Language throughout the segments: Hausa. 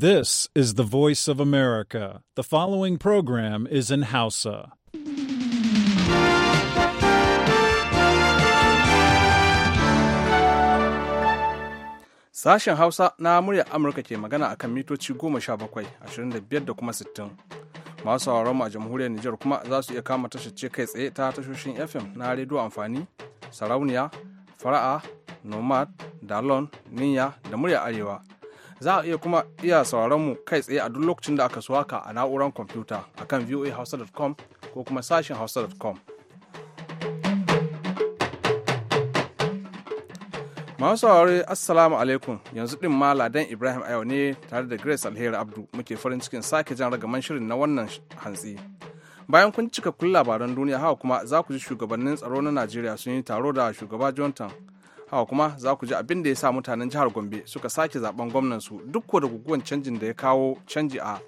This is the voice of America. The following program is in Hausa. Sashen Hausa na muryar Amurka ke magana akan mitoci 17, 25 da kuma 60. Masu sauraron mu a jamhuriyar Nijar kuma za su iya kama tashar kai tsaye ta tashoshin FM na rediyo amfani, sarauniya, fara'a, nomad, dalon, Ninya da murya arewa. za a iya kuma iya sauraron mu kai tsaye a duk lokacin da aka so haka a na'urar kwamfuta akan voahausa.com ko kuma sashen hausa.com masu saurari assalamu alaikum yanzu din ma ladan ibrahim ayo ne tare da grace alheri abdu muke farin cikin sake jan ragaman shirin na wannan hantsi bayan kun cika kun labaran duniya haka kuma za ku ji shugabannin tsaro na najeriya sun yi taro da shugaba jonathan hawa kuma za ku ji abin da ya sa mutanen jihar gombe suka sake zaben gwamnansu duk da guguwan canjin da ya kawo canji a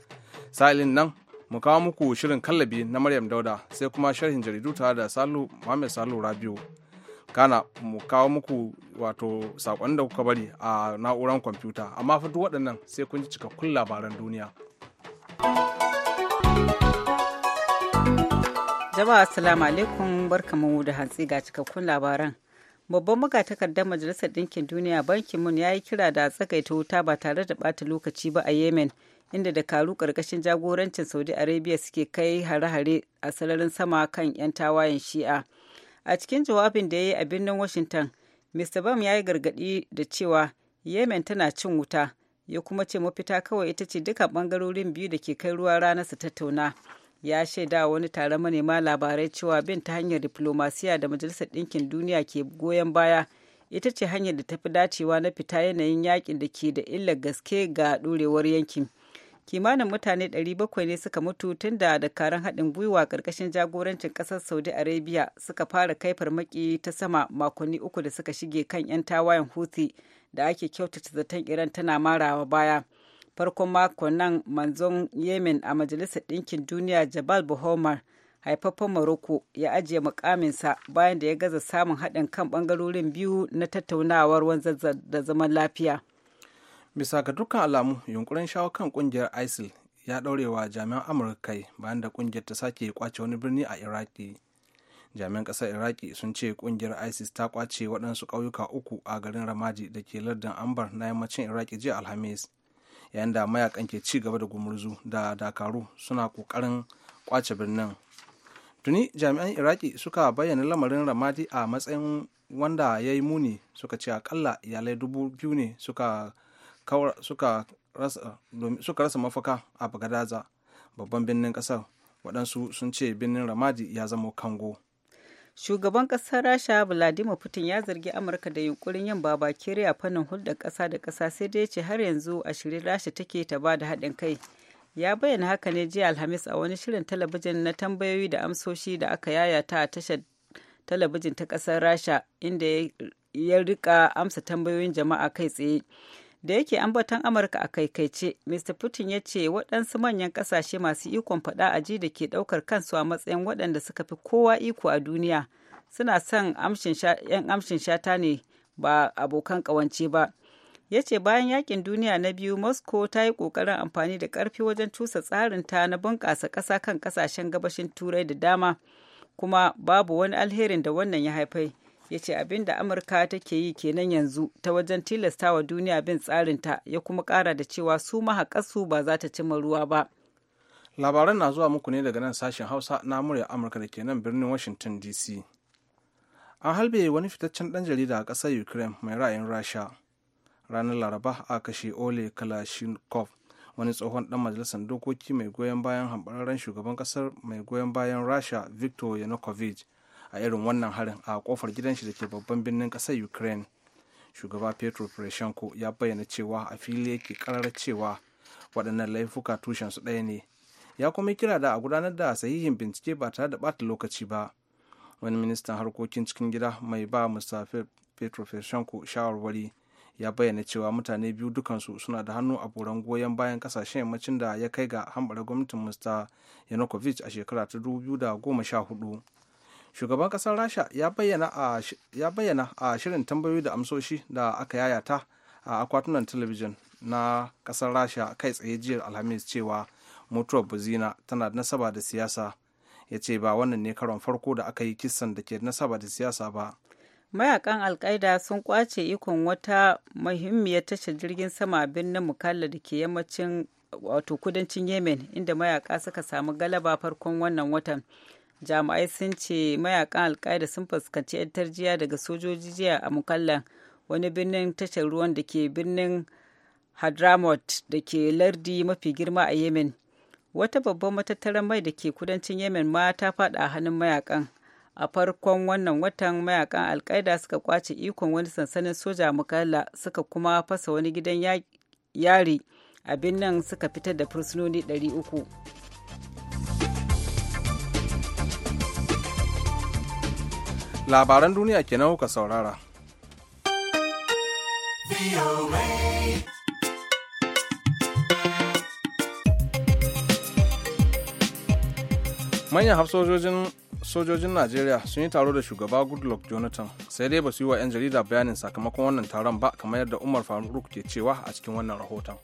sa'ilin nan mu kawo muku shirin kallabi na maryam dauda sai kuma sharhin jaridu tare da salu muhammad salu rabiu kana mu kawo muku wato sakon da kuka bari a na'urar kwamfuta amma fa duk waɗannan sai kun ji cikakkun labaran duniya jama'a assalamu alaikum barkamu da hantsi ga cikakkun labaran babban magatakardar majalisar ɗinkin duniya bankin mun ya yi kira da tsagaita wuta ba tare da ɓata lokaci ba a yemen inda dakaru karkashin jagorancin saudi arabia suke kai hare-hare a sararin sama kan 'yan tawayen shi'a a cikin jawabin da ya yi a birnin washington mr bam ya yi gargaɗi da cewa yemen tana cin wuta ya kuma ce mafita kawai ita ce duka ɓangarorin biyu da ke kai ruwa rana su tattauna ya shaida wani taron manema labarai cewa bin ta hanyar diplomasiya da majalisar ɗinkin duniya ke goyon baya ita ce hanyar da tafi dacewa na fita yanayin yakin da ke da illar gaske ga ɗorewar yankin kimanin mutane 700 ne suka mutu tun da dakarun haɗin gwiwa ƙarƙashin jagorancin ƙasar saudi arabia suka fara kai farmaki ta sama makonni uku da suka shige kan 'yan tawayen houthi da ake kyautata zaton iran tana marawa baya farkon mako nan manzon yemen a majalisar ɗinkin duniya jabal buhomar haifaffen maroko ya ajiye mukaminsa bayan da ya gaza samun haɗin kan ɓangarorin biyu na tattaunawar wanzar da zaman lafiya bisa ga dukkan alamu yunkurin shawo kan kungiyar isil ya ɗaurewa jami'an amurka bayan da kungiyar ta sake kwace wani birni a iraki jami'an ƙasar iraki sun ce kungiyar isis ta kwace waɗansu ƙauyuka uku a garin ramadi da ke lardin ambar na yammacin iraki jiya alhamis yayin da mayakan ke ci gaba da gumurzu da dakaru suna kokarin kwace birnin tuni jami'an iraki suka bayyana lamarin ramadi a matsayin wanda ya yi muni suka ce akalla iyalai dubu biyu ne suka rasa mafaka a bagadaza babban birnin kasar waɗansu sun ce birnin ramadi ya zama kango shugaban ƙasar rasha vladimir putin ya zargi amurka da yunkurin yin babakire a fannin hulɗar ƙasa da ƙasa sai dai ce har yanzu a shirin rasha take ta ba da haɗin kai ya bayyana haka ne jiya alhamis a wani shirin talabijin na tambayoyi da amsoshi da aka yaya ta a tashar talabijin ta ƙasar rasha inda ya rika amsa tambayoyin jama'a kai tsaye da yake ambaton amurka a kaikaice mr putin ya ce waɗansu manyan ƙasashe masu ikon faɗa a ji da ke ɗaukar kansu a matsayin waɗanda suka fi kowa iko a duniya suna son 'yan amshin shata ne ba abokan ƙawance ba ya ce bayan yakin duniya na biyu moscow ta yi ƙoƙarin amfani da ƙarfi wajen cusa tsarinta na bunƙasa ƙasa kan ƙasashen gabashin turai da dama kuma babu wani alherin da wannan ya haifai ya ce abin da amurka take yi kenan yanzu ta wajen tilasta wa duniya bin tsarinta ya kuma kara da cewa su mahaƙasu ba za ta cima ruwa ba labaran na zuwa muku ne daga nan sashen hausa na murya amurka da ke nan birnin washington dc an halbe wani fitaccen dan jarida a ƙasar ukraine mai ra'ayin rasha ranar laraba a kashe ole kalashnikov wani tsohon dan majalisar dokoki mai goyon bayan hambararren shugaban kasar mai goyon bayan rasha victor yanukovych a irin wannan harin a kofar gidan shi da ke babban birnin ƙasar ukraine shugaba petro poroshenko ya bayyana cewa a fili yake karar cewa waɗannan laifuka tushen su ɗaya ne ya kuma kira da a gudanar da sahihin bincike ba tare da ɓata lokaci ba wani ministan harkokin cikin gida mai ba mr petro poroshenko shawarwari ya bayyana cewa mutane biyu dukansu suna da hannu a boran goyon bayan kasashen yammacin da ya kai ga hambara gwamnatin mista yanukovic a shekara ta 2014 shugaban kasar rasha ya bayyana a shirin tambayoyi da amsoshi da aka yayata a akwatunan talabijin na kasar rasha kai tsaye jiyar alhamis cewa mutuwar buzina tana nasaba da siyasa ya ce ba wannan ne karon farko da aka yi kisan da ke nasaba da siyasa ba mayakan alkaida sun kwace ikon wata muhimmiyar tashar jirgin sama a birnin mukalla da ke yammacin wato kudancin yemen inda mayaka suka samu galaba farkon wannan watan jami'ai sun ce mayakan alkaida sun fuskanci 'yan tarjiya daga sojoji jiya a mukallan wani birnin tashar ruwan da ke birnin hadramaut da ke lardi mafi girma a yemen wata babban matattarar mai da ke kudancin yemen ma ta fada a hannun mayakan a farkon wannan watan mayakan alkaida suka kwace ikon wani sansanin soja mukalla suka kuma fasa wani gidan yari a birnin suka fitar da fursunoni 300 labaran duniya kenan kuka saurara manyan hafsojojin sojojin najeriya sun yi taro da shugaba goodluck jonathan sai dai ba su yi wa 'yan jarida bayanin sakamakon wannan taron ba kamar yadda umar faruk ke cewa a cikin wannan rahoton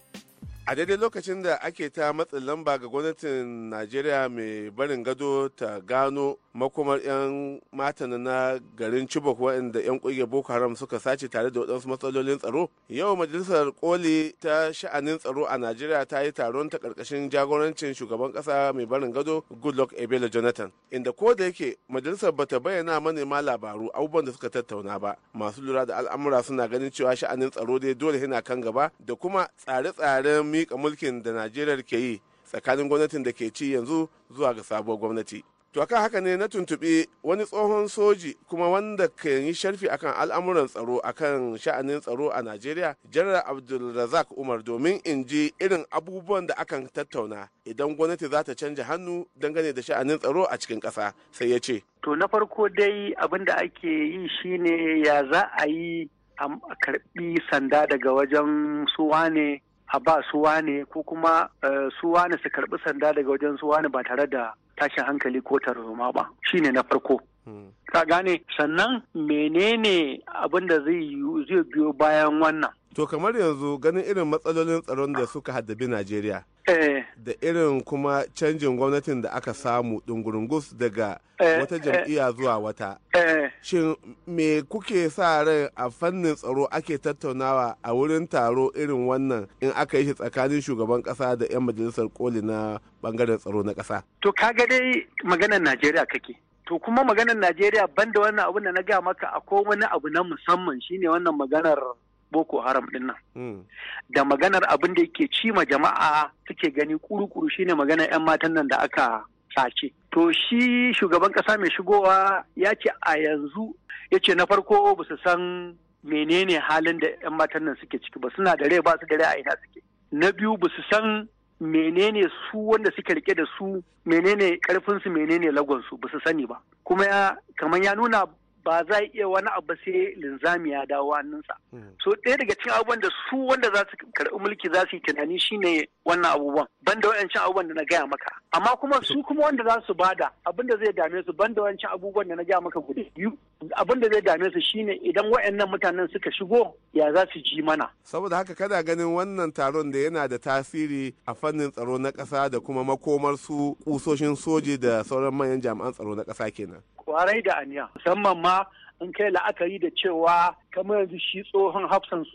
a daidai lokacin da ake ta matsin lamba ga gwamnatin najeriya mai barin gado ta gano makomar 'yan matan na garin chibok waɗanda 'yan ƙungiyar boko haram suka sace tare da waɗansu matsalolin tsaro yau majalisar koli ta sha'anin tsaro a najeriya ta yi taron ta ƙarƙashin jagorancin shugaban ƙasa mai barin gado goodluck ebele jonathan inda ko da yake majalisar bata bayyana manema labaru abubuwan da suka tattauna ba masu lura da al'amura suna ganin cewa sha'anin tsaro dai dole yana kan gaba da kuma tsare-tsaren miƙa mulkin da najeriya ke yi tsakanin gwamnatin da ke ci yanzu zuwa ga sabuwar gwamnati to akan haka ne na tuntuɓi wani tsohon soji kuma wanda ka yi sharfi akan al'amuran tsaro akan sha'anin tsaro a najeriya janar abdulrazak umar domin in ji irin abubuwan da akan tattauna idan gwamnati za ta canja hannu dangane da sha'anin tsaro a cikin ƙasa sai ya ce to na farko dai abin da ake yi shine ya za a yi a karɓi sanda daga wajen suwa ne a ba su wane ko kuma eh, su wane su karbi sanda daga wajen su wane ba tare da tashin hankali ko tarzoma ba shine na farko hmm. ka gane sannan menene abin da zai biyo bayan wannan to kamar yanzu ganin irin matsalolin tsaron da suka haddabi najeriya Eh. da irin kuma canjin gwamnatin da aka samu dungurungus daga eh, wata eh. jam'iyya zuwa wata. Shin me kuke sa rai a fannin tsaro ake tattaunawa a wurin taro irin wannan in aka yi shi tsakanin shugaban kasa da 'yan majalisar koli na bangaren tsaro na kasa. To ka maganar Najeriya kake. to kuma maganar Najeriya banda wannan abun da na gaya maka akwai wani abu na musamman shine wannan maganar boko haram din nan hmm. da maganar abin da yake ci ma jama'a suke gani kuru-kuru shine maganar 'yan matan nan da aka sace to shi shugaban kasa mai shigowa ya ce a yanzu ya ce na farko ba su san menene halin da 'yan matan nan suke ciki ba suna da rai ba su da rai a ina suke na biyu ba su san menene su wanda suke rike da su menene karfinsu menene lagonsu ba su sani ba kuma kamar ya nuna ba za a iya wani abu sai linzami ya dawo hannunsa. Hmm. So ɗaya daga cikin abubuwan da su wanda za su karɓi mulki za su yi tunani shine wannan abubuwan banda cin abubuwan da na gaya maka. amma kuma su kuma wanda za su bada abinda zai dame su banda wancan abubuwan da na gaya maka guda biyu abinda zai dame su shine idan wa'annan mutanen suka shigo ya za su ji mana saboda haka kada ganin wannan taron da yana da tasiri a fannin tsaro na ƙasa da kuma makomar su kusoshin soji da sauran manyan jami'an tsaro na ƙasa kenan kwarai da aniya musamman ma in kai la'akari da cewa kamar yanzu shi tsohon hafsan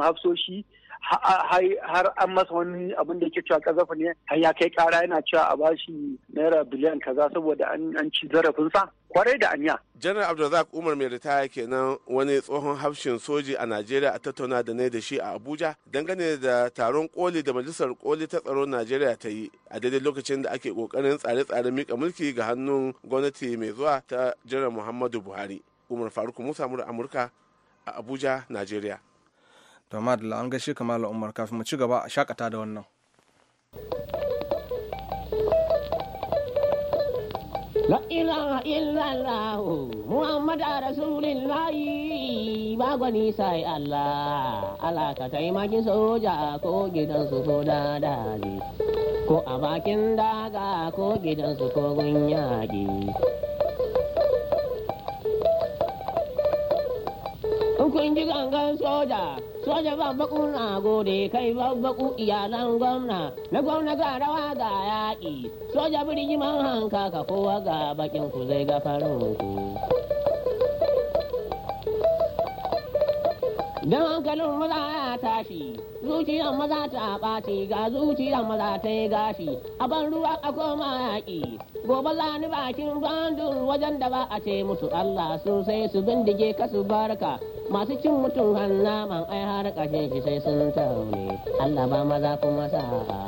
hafsoshi har an masa wani abin da ke cewa kazafa ne har ya kai kara yana cewa a bashi naira biliyan kaza saboda an ci zarafinsa kwarai da anya. janar abdulrazak umar mai ritaya kenan wani tsohon hafshin soji a najeriya a tattauna da ne da shi a abuja dangane da taron koli da majalisar koli ta tsaron najeriya ta yi a daidai lokacin da ake kokarin tsare-tsaren mika mulki ga hannun gwamnati mai zuwa ta janar muhammadu buhari umar faruk musa mura amurka a abuja najeriya to madalla an gaishe kamar umar kafin mu ci gaba a shakata da wannan La ilaha illallah Muhammad Rasulullah ba gwani sai Allah Allah ka soja ko gidan su ko dadali ko a bakin daga ko gidan su ko gun yaƙi kun ji gangan soja, soja baku na gode kai babbaku iyalan gwamna, na gwamna ga rawa ga yaƙi, soja birni man hanka ka kowa ga bakin ku zai ga farin ku. hankalin maza ya tashi, zuciyar maza ta ɓaci ga zuciyar maza ta yi gashi, a ban ruwa a koma yaƙi, gobe za ni bakin bandun wajen da ba a ce musu Allah sosai su bindige ka su barka masu cin mutum hanna ban ai har kashe shi sai sun taune Allah ba maza kuma sa'a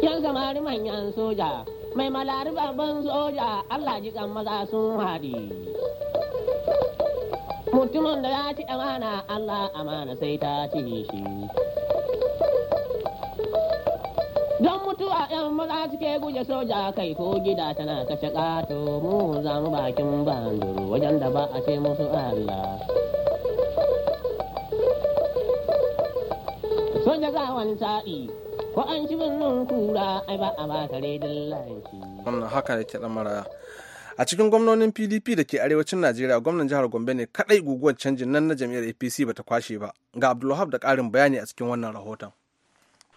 yan samari manyan soja mai malari babban soja Allah jikan maza sun haɗi mutumin da ya ci amana Allah amana sai ta ci shi a yan maza suke guje soja kai ko gida tana kashe ƙato mu za mu bakin banduru wajen da ba a ce musu Allah. Soja za wani sa'i ko an ci birnin kura ai ba a ba kare dillanci. Wannan haka ke a cikin gwamnonin pdp da ke arewacin najeriya gwamnan jihar gombe ne kadai guguwar canjin nan na jam'iyyar apc bata kwashe ba ga abdulwahab da karin bayani a cikin wannan rahoton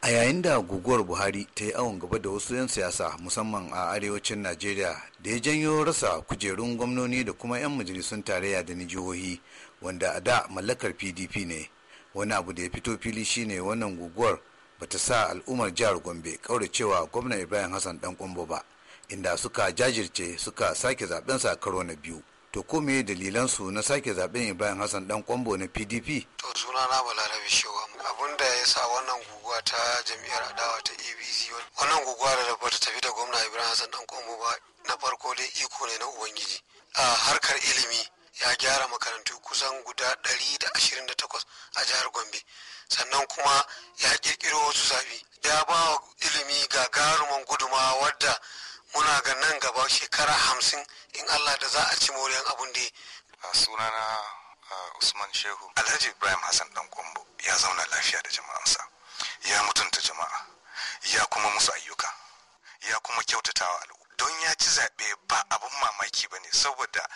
a yayin da guguwar buhari ta yi awon gaba da wasu 'yan siyasa musamman a arewacin najeriya da ya janyo rasa kujerun gwamnoni da kuma 'yan majalisun tarayya da na jihohi wanda a da mallakar pdp ne wani abu da ya fito fili shine wannan guguwar ba ta sa al'ummar jihar gombe kauracewa gwamnan ibrahim hassan dan kwambo ba inda suka jajirce suka sake zaben sa karo na biyu to ko me dalilan su na sake zaben bayan Hassan dan kwambo na PDP to suna na Balarabe Shewa abinda ya sa wannan guguwa ta jam'iyyar adawa ta ABC wannan guguwa da ba ta tafi da gwamna Ibrahim Hassan dan kwambo ba na farko dai iko ne na ubangiji a harkar ilimi ya gyara makarantu kusan guda 128 a jihar Gombe sannan kuma ya kirkiro wasu zabi ya ba ilimi gagarumin guduma wadda muna ga nan gaba shekara hamsin in Allah da za a ci moriyan abun da sunana Usman Shehu Alhaji Ibrahim Hassan dan Kwambo ya zauna lafiya da jama'ansa ya mutunta jama'a ya kuma musu ayyuka ya kuma kyautatawa al'umma don ya ci zaɓe ba abin mamaki ba ne saboda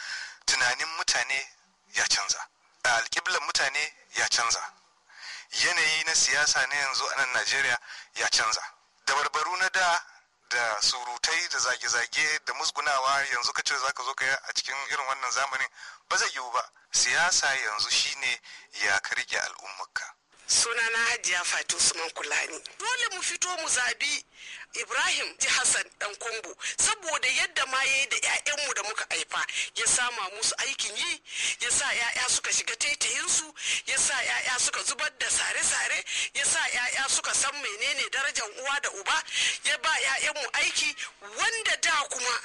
tunanin mutane ya canza alƙiblar mutane ya canza yanayi na siyasa na yanzu a nan najeriya ya canza dabarbaru na da da surutai da zage-zage da musgunawa yanzu ka ce ka zo ka a cikin irin wannan zamanin ba zai yiwu ba siyasa yanzu shine ya ka rike al'ummarka suna na hajiya fati usman kulani dole mu fito mu zabi ibrahim ji hassan dan kombo saboda yadda ma yayi da 'ya'yanmu da muka aifa ya sama musu aikin yi ya sa 'ya'ya suka shiga taitayinsu ya sa 'ya'ya suka zubar da sare-sare ya sa 'ya'ya suka san menene darajar uwa da uba ya ba 'ya'yanmu aiki wanda da kuma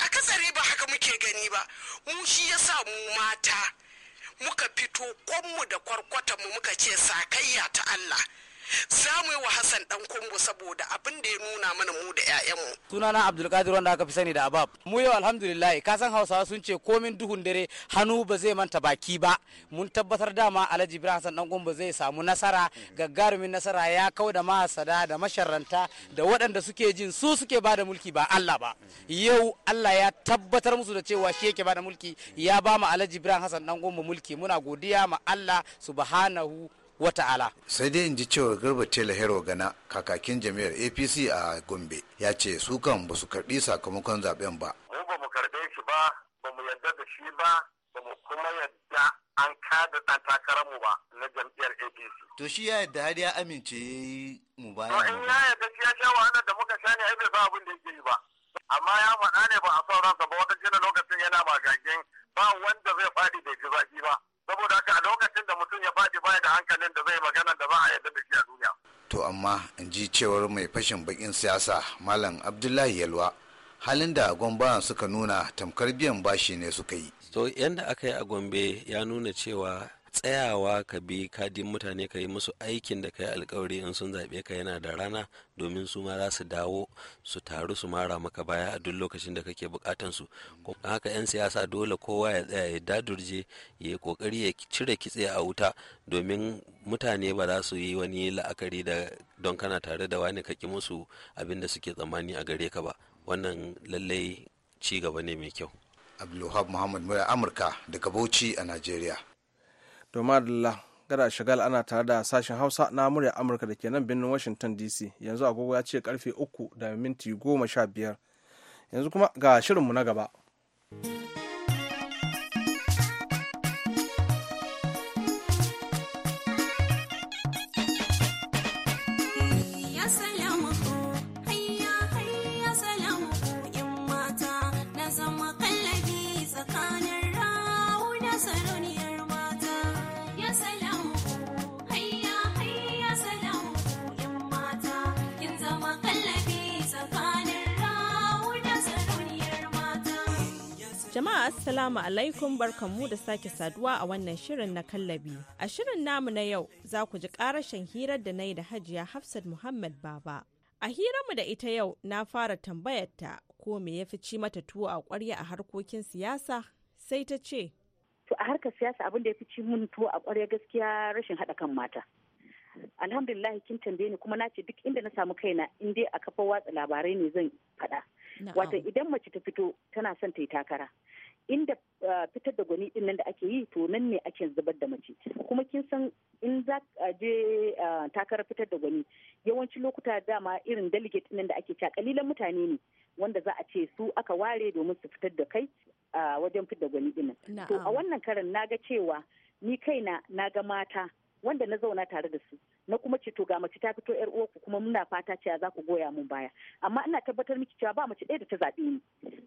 a kasare ba haka muke gani ba mu shi ya sa mu mata muka fito kwanmu da mu muka ce sakayya ta Allah za mu yi wa hassan dan kongo saboda abin da ya nuna mana mu da 'ya'yanmu sunana abdulkadir wanda aka fi sani da abab mu yau alhamdulilayi ka san hausawa sun ce komin duhun dare hannu ba zai manta baki ba mun tabbatar dama alhaji ibrahim hassan dan kongo zai samu nasara gagarumin nasara ya kau da mahasada da masharanta da waɗanda suke jin su suke ba da mulki ba allah ba yau allah ya tabbatar musu da cewa shi yake bada mulki ya ba mu alhaji ibrahim hassan dan kongo mulki muna godiya ma allah subhanahu wata'ala. ala. sai dai in ji cewa garba tela hero gana kakakin jami'ar apc a gombe ya ce su kan ba su karbi sakamakon zaben ba mu ba mu karbe shi ba ba mu yarda da shi ba ba mu kuma yarda an kada ɗan mu ba na jam'iyyar apc to shi ya yarda har ya amince ya yi mu baya to in ya yarda shi ya sha wahalar da muka sha ne ai ba abin da yake yi ba amma ya faɗa ne ba a son ransa ba wata lokacin yana magagin ba wanda zai faɗi bai ji zaki ba saboda haka a lokacin da mutum ya faɗi baya da hankalin da zai magana da ba a yadda da shi a duniya to amma in ji cewar mai fashin bakin siyasa malam abdullahi yalwa halin da gwambaran suka nuna tamkar biyan bashi ne suka yi to yadda aka yi a gombe ya nuna cewa tsayawa ka bi kadin mutane ka yi musu aikin da ka yi alkawari in sun zaɓe ka yana da rana domin su ma za su dawo su taru su mara maka baya a duk lokacin da kake bukatan su haka 'yan siyasa dole kowa ya tsaya ya dadurje ya yi kokari ya cire kitse a wuta domin mutane ba za su yi wani la'akari da don kana tare da wani kaki musu abin da suke tsammani a gare ka ba wannan lallai ci gaba ne mai kyau abdulwahab muhammad a amurka daga bauchi a najeriya domin gada shagal ana tare da sashen hausa na murya amurka da ke nan birnin washington dc yanzu agogo ya ce karfe uku da minti goma sha biyar yanzu kuma ga shirinmu na gaba Jama'a Assalamu alaikum barkanmu da sake saduwa a wannan shirin na kallabi. A shirin namu na yau za ku ji karashin hirar da na yi da hajiya Hafsat Muhammad Baba. A hiranmu da ita yau na fara tambayar ta ko me ya fi ci mata tuwo a ƙwarya a harkokin siyasa sai ta ce. To a harkar siyasa abin da ya fi ci mun tuwo a ƙwarya gaskiya rashin haɗa kan mata. Alhamdulillah kin tambaye ni kuma na ce duk inda na samu kaina in dai a kafa watsa labarai ne zan faɗa. Wato idan mace ta fito tana son ta yi takara. inda uh, fitar da gwani din nan da ake yi to nan ne ake zubar da mace kuma kin san in za a je uh, takarar fitar da gwani yawanci lokuta dama irin delegate nan da ake cewa kalilan mutane ne wanda za a ce su aka ware domin su fitar da kai a uh, wajen fitar da gwani din to a wannan karan naga cewa ni kaina naga mata wanda na zauna tare da su na kuma ce to ga mace ta fito yar uwarku kuma muna fata cewa za ku goya mun baya amma ina tabbatar miki cewa ba mace ɗaya da ta zaɓe ni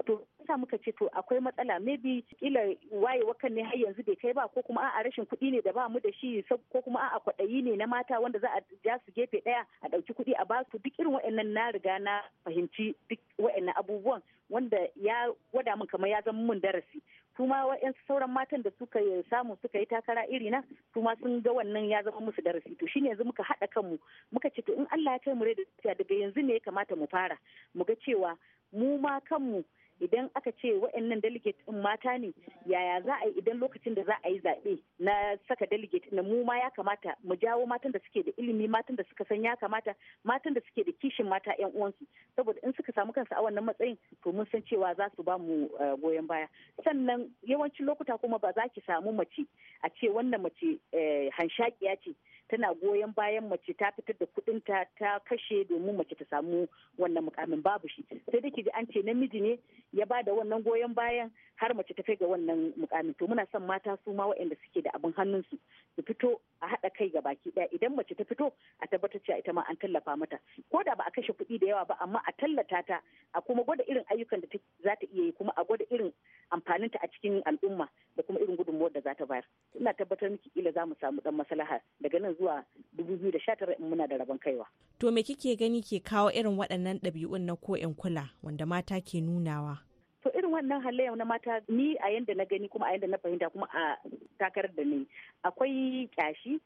to sa muka ce to akwai matsala maybe kila waye wakan ne har yanzu bai kai ba ko kuma a'a rashin kuɗi ne da ba mu da shi ko kuma a'a kwaɗayi ne na mata wanda za a ja su gefe ɗaya a ɗauki kuɗi a basu duk irin wa'annan na riga na fahimci duk wa'annan abubuwan wanda ya gwada min kamar ya zama mun darasi kuma wa'yan sauran matan da suka samu suka yi takara iri na kuma sun ga wannan ya zama musu darasi to shine yanzu muka haɗa kanmu muka ce to in Allah ya kai mu rai da daga yanzu ne ya kamata mu fara mu ga cewa mu ma kanmu idan aka ce waɗannan delegate din mata ne yaya za a yi idan lokacin da za a yi zaɓe na saka delegate na mu ma ya kamata mu jawo matan da suke da ilimi matan da suka san ya kamata matan da suke da kishin mata yan uwansu saboda in suka samu kansu a wannan matsayin to mun san cewa za su ba mu eh, goyon baya sannan yawancin lokuta kuma ba za ki samu mace a ce wannan mace eh, hanshakiya ce tana goyon bayan mace ta fitar da kudinta ta kashe domin mace ta samu wannan mukamin babu shi sai dai ji an ce namiji ne ya ba da wannan goyon bayan har mace ta kai ga wannan mukamin to muna son mata su ma waɗanda suke da abin hannunsu su fito a haɗa kai ga baki ɗaya idan mace ta fito a tabbatar cewa ita ma an tallafa mata ko da ba a kashe kuɗi da yawa ba amma a tallata ta a kuma gwada irin ayyukan da za ta iya yi kuma a gwada irin amfaninta a cikin al'umma da kuma irin gudunmuwar da za ta bayar ina tabbatar miki kila za mu samu ɗan maslaha daga nan zuwa 2019 muna da rabon kaiwa. To me kike gani ke kawo irin waɗannan ɗabi'un na ko in kula wanda mata ke nunawa? To irin wannan halayyar na mata ni a yanda na gani kuma a yanda na fahimta kuma a takarar da ni akwai kyashi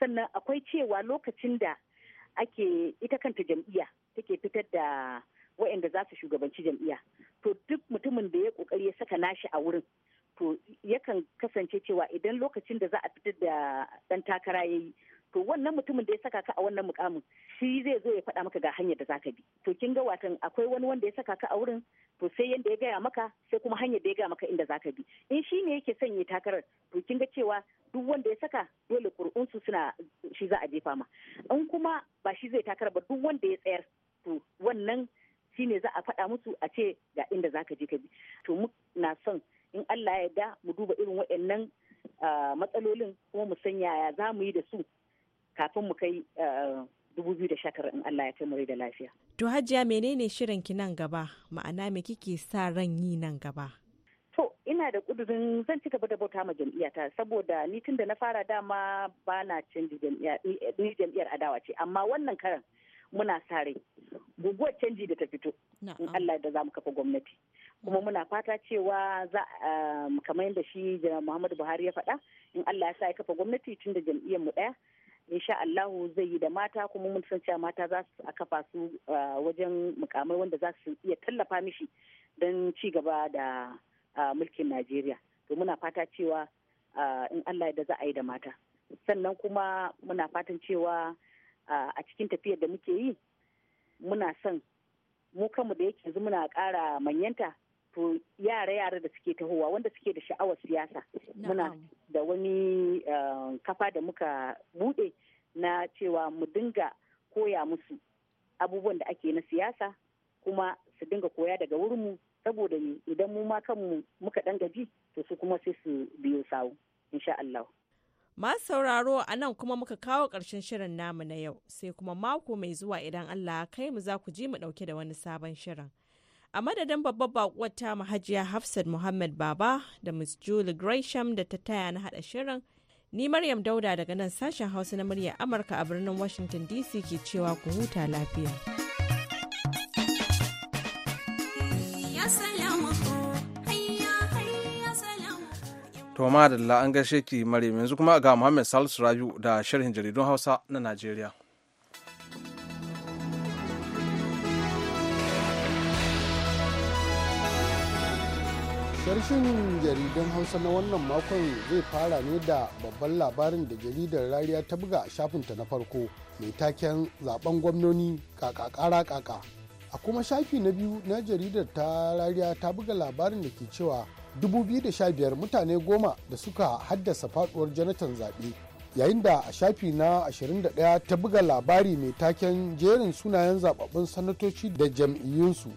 sannan akwai cewa lokacin da ake ita kanta jam'iyya take fitar da waɗanda za su shugabanci jam'iyya to duk mutumin da ya kokari ya saka nashi a wurin to yakan kasance cewa idan lokacin da za a fitar da ɗan takara ya yi to wannan mutumin da ya saka ka a wannan mukamin shi zai zo ya faɗa maka ga hanyar da zaka bi to kin ga watan akwai wani wanda ya saka ka a wurin to sai yanda ya gaya maka sai kuma hanyar da ya gaya maka inda zaka bi in shi ne yake sanya takarar to kin ga cewa duk wanda ya saka dole su suna shi za a jefa ma in kuma ba shi zai takara ba duk wanda ya tsayar to wannan shine za a faɗa musu a ce ga inda zaka je ka bi to na son in Allah ya da mu duba irin waɗannan matsalolin kuma mu san yaya za mu yi da su kafin mu kai 2019 in Allah ya kai da lafiya. To Hajiya menene shirin ki nan gaba? Ma'ana me kike sa ran yi nan gaba? To ina da kudurin zan ci gaba da bauta ma jam'iyyata saboda ni tun da na fara dama ba na canji jam'iyyar adawa ce amma wannan karan muna sa rai guguwar canji da ta fito in Allah da za mu kafa gwamnati kuma mm. muna fata cewa za um, kamar yadda shi Muhammadu Buhari ya faɗa in Allah ya sa ya kafa gwamnati tun da jam'iyyar mu ɗaya insha Allahu zai yi da mata kuma mun san cewa mata za su a kafa su uh, wajen mukamai wanda za su iya tallafa mishi don ci gaba da uh, mulkin Najeriya to muna fata cewa uh, in Allah ya da za a yi da mata sannan kuma muna fatan cewa a cikin tafiyar da muke yi muna son mu kanmu da yake yanzu muna ƙara manyanta to yara-yara da suke tahowa wanda suke da sha'awar siyasa muna da wani eh, kafa da muka buɗe na cewa mu dinga koya musu abubuwan da ake na siyasa kuma su dinga koya daga wurinmu saboda idan mu ma kanmu muka ɗan gaji to su kuma sai su biyo sawu insha Allah. Masu sauraro a nan kuma muka kawo ƙarshen shirin namu na yau sai kuma mako mai zuwa idan Allah kai mu za ku ji mu ɗauke da wani sabon shirin. A madadin babbar baƙuwar ta Hajiya Hafsat Muhammad Baba da Miss Julie Gresham da ta taya na haɗa shirin. Ni Maryam Dauda daga nan sashen Hausa na muryar Amurka a birnin Washington DC ke cewa ku huta lafiya. To madalla an gaishe ki mare yanzu kuma ga Muhammad Salisu Rabiu da sharhin jaridun Hausa na Najeriya. Sharshin jaridun Hausa na wannan makon zai fara ne da babban labarin da jaridar rariya ta buga a shafinta na farko mai taken zaben gwamnoni kakakara kaka. A kuma shafi na biyu na jaridar ta rariya ta buga labarin da ke cewa 2015 mutane goma da suka haddasa faduwar janatan zaɓe yayin da a shafi na 21 ta buga labari mai taken jerin sunayen zababbun sanatoci da jam'iyyunsu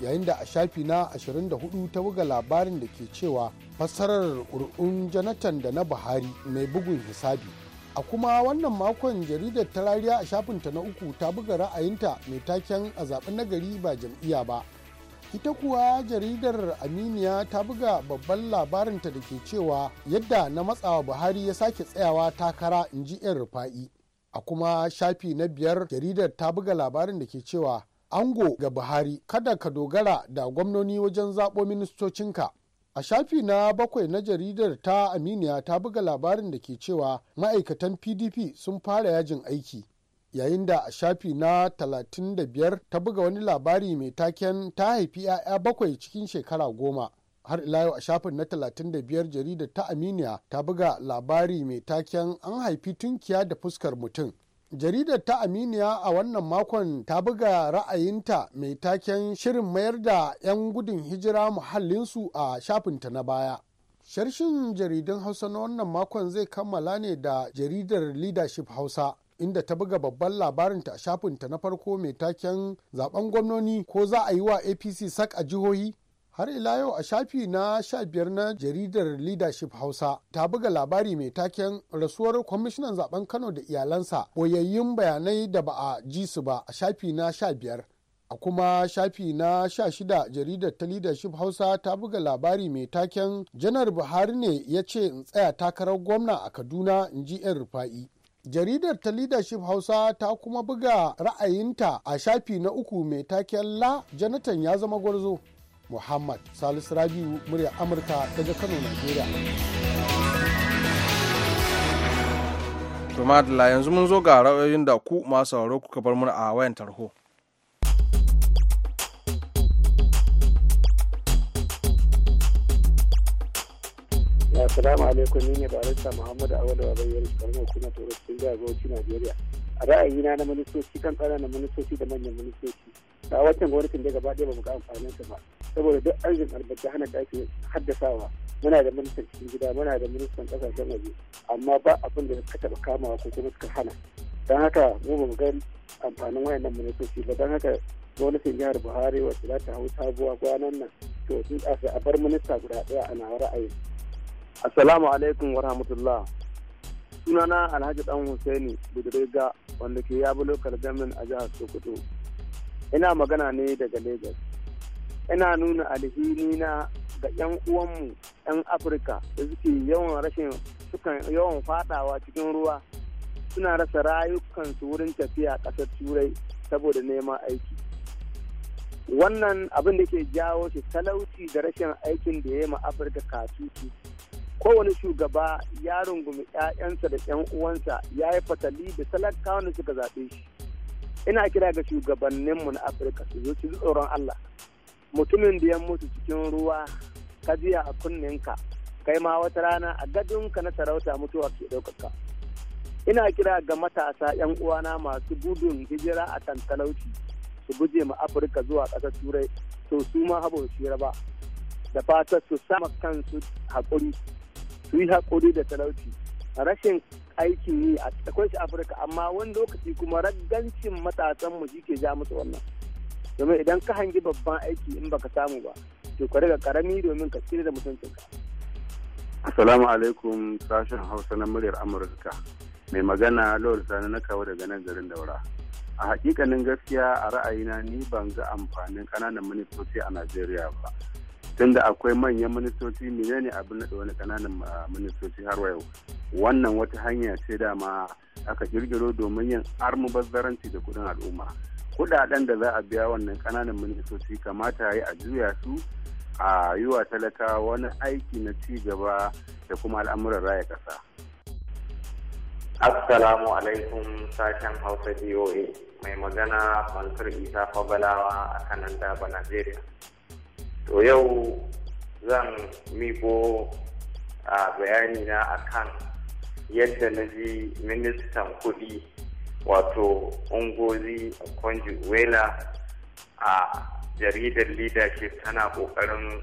yayin da a shafi na 24 ta buga labarin da ke cewa fassarar ƙuri'un janatan da na buhari mai bugun hisabi a kuma wannan makon jaridar tarariya a shafinta na uku ta buga ra'ayinta mai taken a zaɓen nagari ba jam'iyya ba ita kuwa jaridar aminiya ta buga babban labarinta da ke cewa yadda na matsawa buhari ya sake tsayawa takara in ji yan rufa'i a kuma shafi na biyar jaridar ta buga labarin da ke cewa ango ga buhari kada ka dogara da gwamnoni wajen zaɓo ministocinka a shafi na bakwai na jaridar ta aminiya ta buga labarin da ke cewa ma'aikatan pdp sun fara yajin aiki yayin da a shafi na 35 ta buga wani labari mai taken ta haifi 'ya'ya bakwai cikin shekara goma har ila yau a shafin na 35 jarida ta aminiya ta buga labari mai taken an haifi tunkiya da fuskar mutum jaridar ta aminiya a wannan makon ta buga ra'ayinta mai taken shirin mayar da 'yan gudun hijira muhallinsu a shafinta na baya sharshin jaridun hausa na wannan makon zai kammala ne da jaridar leadership hausa inda ta buga babban labarinta a ta na farko mai taken zaben gwamnoni ko za a yi wa apc sak a jihohi har ila yau a shafi na sha biyar na jaridar leadership hausa ta buga labari mai taken rasuwar kwamishinan zaben kano da iyalansa boyayyun bayanai da ba a ji su ba a shafi na sha biyar a kuma shafi na sha shida jaridar ta leadership hausa ta buga labari mai taken janar buhari ne ya ce in tsaya takarar gwamna a kaduna in ji 'yan rufa'i jaridar ta leadership hausa ta kuma buga ra'ayinta a shafi na uku mai taken la jonathan ya zama gwarzo muhammad salisu rabiu murya amurka daga kano nigeria to yanzu mun zo ga ra'ayoyin da ku masu sauraro kuka bar mura a wayan tarho Assalamu alaikum ni ne barista Muhammadu Awadu Babayyar kuma Toro cikin jihar Bauchi Najeriya. A ra'ayina na ministoci kan tsara na ministoci da manyan ministoci. A watan gwamnatin da gaba ɗaya ba mu ga amfanin su ba. Saboda duk arzikin albarka hana da ake haddasawa. Muna da ministan cikin gida muna da ministan ƙasashen waje amma ba abin da ka taɓa kamawa ko kuma suka hana. Don haka mu ba mu ga amfanin wayannan ministoci ba don haka gwamnatin jihar Buhari wacce za ta hau sabuwa kwanan nan to sun a bar minista guda ɗaya a nawa ra'ayin. Assalamu alaikum wa rahmatullah. Sunana Alhaji Dan Hussaini Budurega wanda ke yabo lokal gamin a jihar Sokoto. Ina magana ne daga Lagos. Ina nuna alhini na ga 'yan uwanmu 'yan Afirka da suke yawan rashin sukan yawan fadawa cikin ruwa suna rasa rayukansu wurin tafiya ƙasar turai saboda neman aiki. Wannan abin da ke jawo shi talauci da rashin aikin da ya yi ma Afirka katutu kowane shugaba ya rungumi 'ya'yansa da 'yan uwansa ya yi fatali da talakawan da suka zaɓe shi ina kira ga shugabanninmu na afirka su zo tsoron allah mutumin da ya mutu cikin ruwa ka jiya a kunninka kai ma wata rana a ka na sarauta mutuwa ke ɗaukaka ina kira ga matasa 'yan uwana masu gudun hijira a kan su guje ma afirka zuwa ƙasar turai to su ma shi ba da fatar su sama kansu haƙuri su yi haƙuri da talauci rashin aikin yi a akwai afirka amma wani lokaci kuma ragancin matasan mu ke ja musu wannan domin idan ka hangi babban aiki in baka samu ba to ka riga karami domin ka tsira da mutuncinka assalamu alaikum sashen hausa na muryar amurka mai magana lawal sani na kawo daga nan garin daura a hakikanin gaskiya a ra'ayina ni ban ga amfanin ƙananan ministoci a najeriya ba tunda akwai manyan ministoci menene abin naɗa wani ƙananan ah, ministoci har yau wannan wata hanya ce dama aka girgiro domin yin bazzaranci da kuɗin al'umma kuɗaɗen da za a biya wannan ƙananan ministoci kamata ya a juya su a yi wa talaka wani aiki na ci gaba da kuma al'amuran raya ƙasa. Assalamu alaikum sashen Hausa DOA mai magana Mansur Isa Fabalawa a kanan Daba, Najeriya. to yau zan miko a bayani na akan yadda na ji ministan kuɗi wato ungozi kwanji wela a jaridar leadership tana ƙoƙarin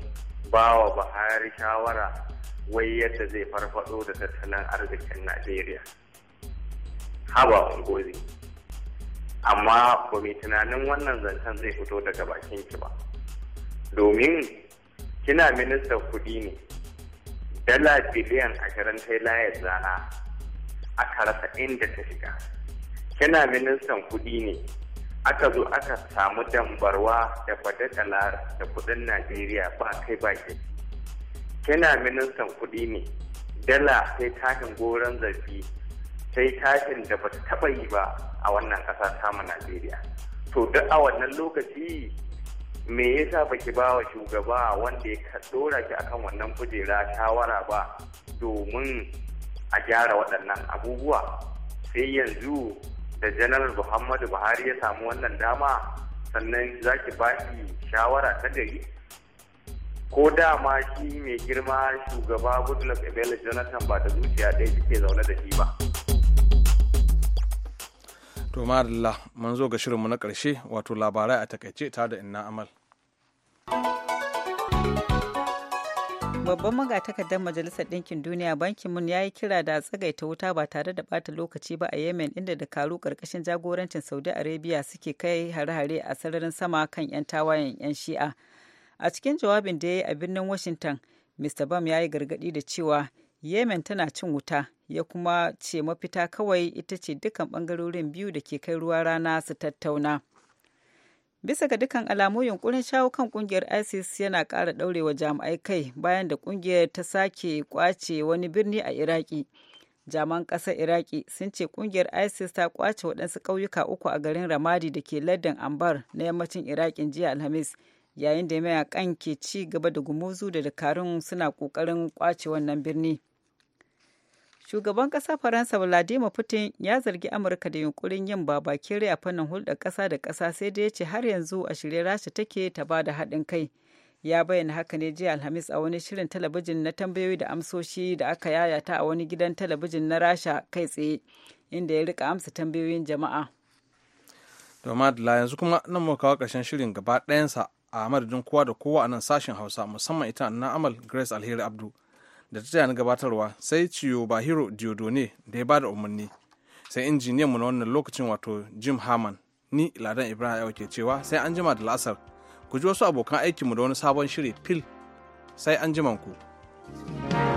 ba wa buhari shawara wai yadda zai farfado da tattalin arzikin najeriya haba ungozi amma ba mai tunanin wannan zancen zai fito daga bakin ki ba domin kina ministan kuɗi ne dala biliyan ashirin ta layar zana aka rasa inda ta shiga kina ministan kuɗi ne aka zo aka samu dambarwa da fadadala da kuɗin najeriya ba kai ba ke kina ministan kuɗi ne dala sai tashin goron zarfi sai tashin da ba taɓa yi ba a wannan ƙasa samun najeriya to duk a wannan lokaci me yasa baki ba wa shugaba wanda ya dora ki akan wannan kujera shawara ba domin a gyara waɗannan abubuwa sai yanzu da janar muhammadu buhari ya samu wannan dama sannan za ki ba shi shawara ta gari ko dama shi mai girma shugaba goodluck ebele jonathan ba da zuciya ɗaya kike zaune da shi ba to madalla mun zo ga shirinmu na ƙarshe wato labarai a takaice ta da inna amal babban magatakardar majalisar ɗinkin duniya bankin mun ya yi kira da tsagaita wuta ba tare da ɓata lokaci ba a yemen inda da karu ƙarƙashin jagorancin saudi arabia suke kai hare-hare a sararin sama kan 'yan tawayen 'yan shi'a a cikin jawabin da ya yi a birnin washington mr bam ya yi gargaɗi da cewa yemen tana cin wuta ya kuma ce mafita kawai ita ce dukkan ɓangarorin biyu da ke kai ruwa rana su tattauna bisa ga dukkan alamu yunkurin shawo kan kungiyar isis yana kara daurewa jami'ai kai bayan da kungiyar ta sake kwace wani birni a iraki jaman ƙasar iraki sun ce kungiyar isis ta kwace waɗansu ƙauyuka uku a garin ramadi da ke ladan ambar na yammacin irakin jiya alhamis yayin da mayakan ke ci gaba da gumuzu da dakarun suna ƙoƙarin kwace wannan birni shugaban ƙasar faransa vladimir putin ya zargi amurka da yunkurin yin rai a fannin hulɗar kasa da kasa sai dai ya ce har yanzu a shirye rasha take ta ba da haɗin kai ya bayyana haka ne jiya alhamis a wani shirin talabijin na tambayoyi da amsoshi da aka yayata a wani gidan talabijin na rasha kai tsaye inda ya rika amsa tambayoyin jama'a domadala yanzu kuma nan muka kawo ƙarshen shirin gaba ɗayansa a madadin kowa da kowa a nan sashen hausa musamman ita na amal grace alheri abdu da ta na gabatarwa sai ciyo bahiro diodone da ya ba da umarni sai injiniyan mu na wannan lokacin wato jim haman ni ladan ibrahim ke cewa sai an jima da la'asar ku ji wasu abokan aikinmu da wani sabon shiri fil sai an ku. thank you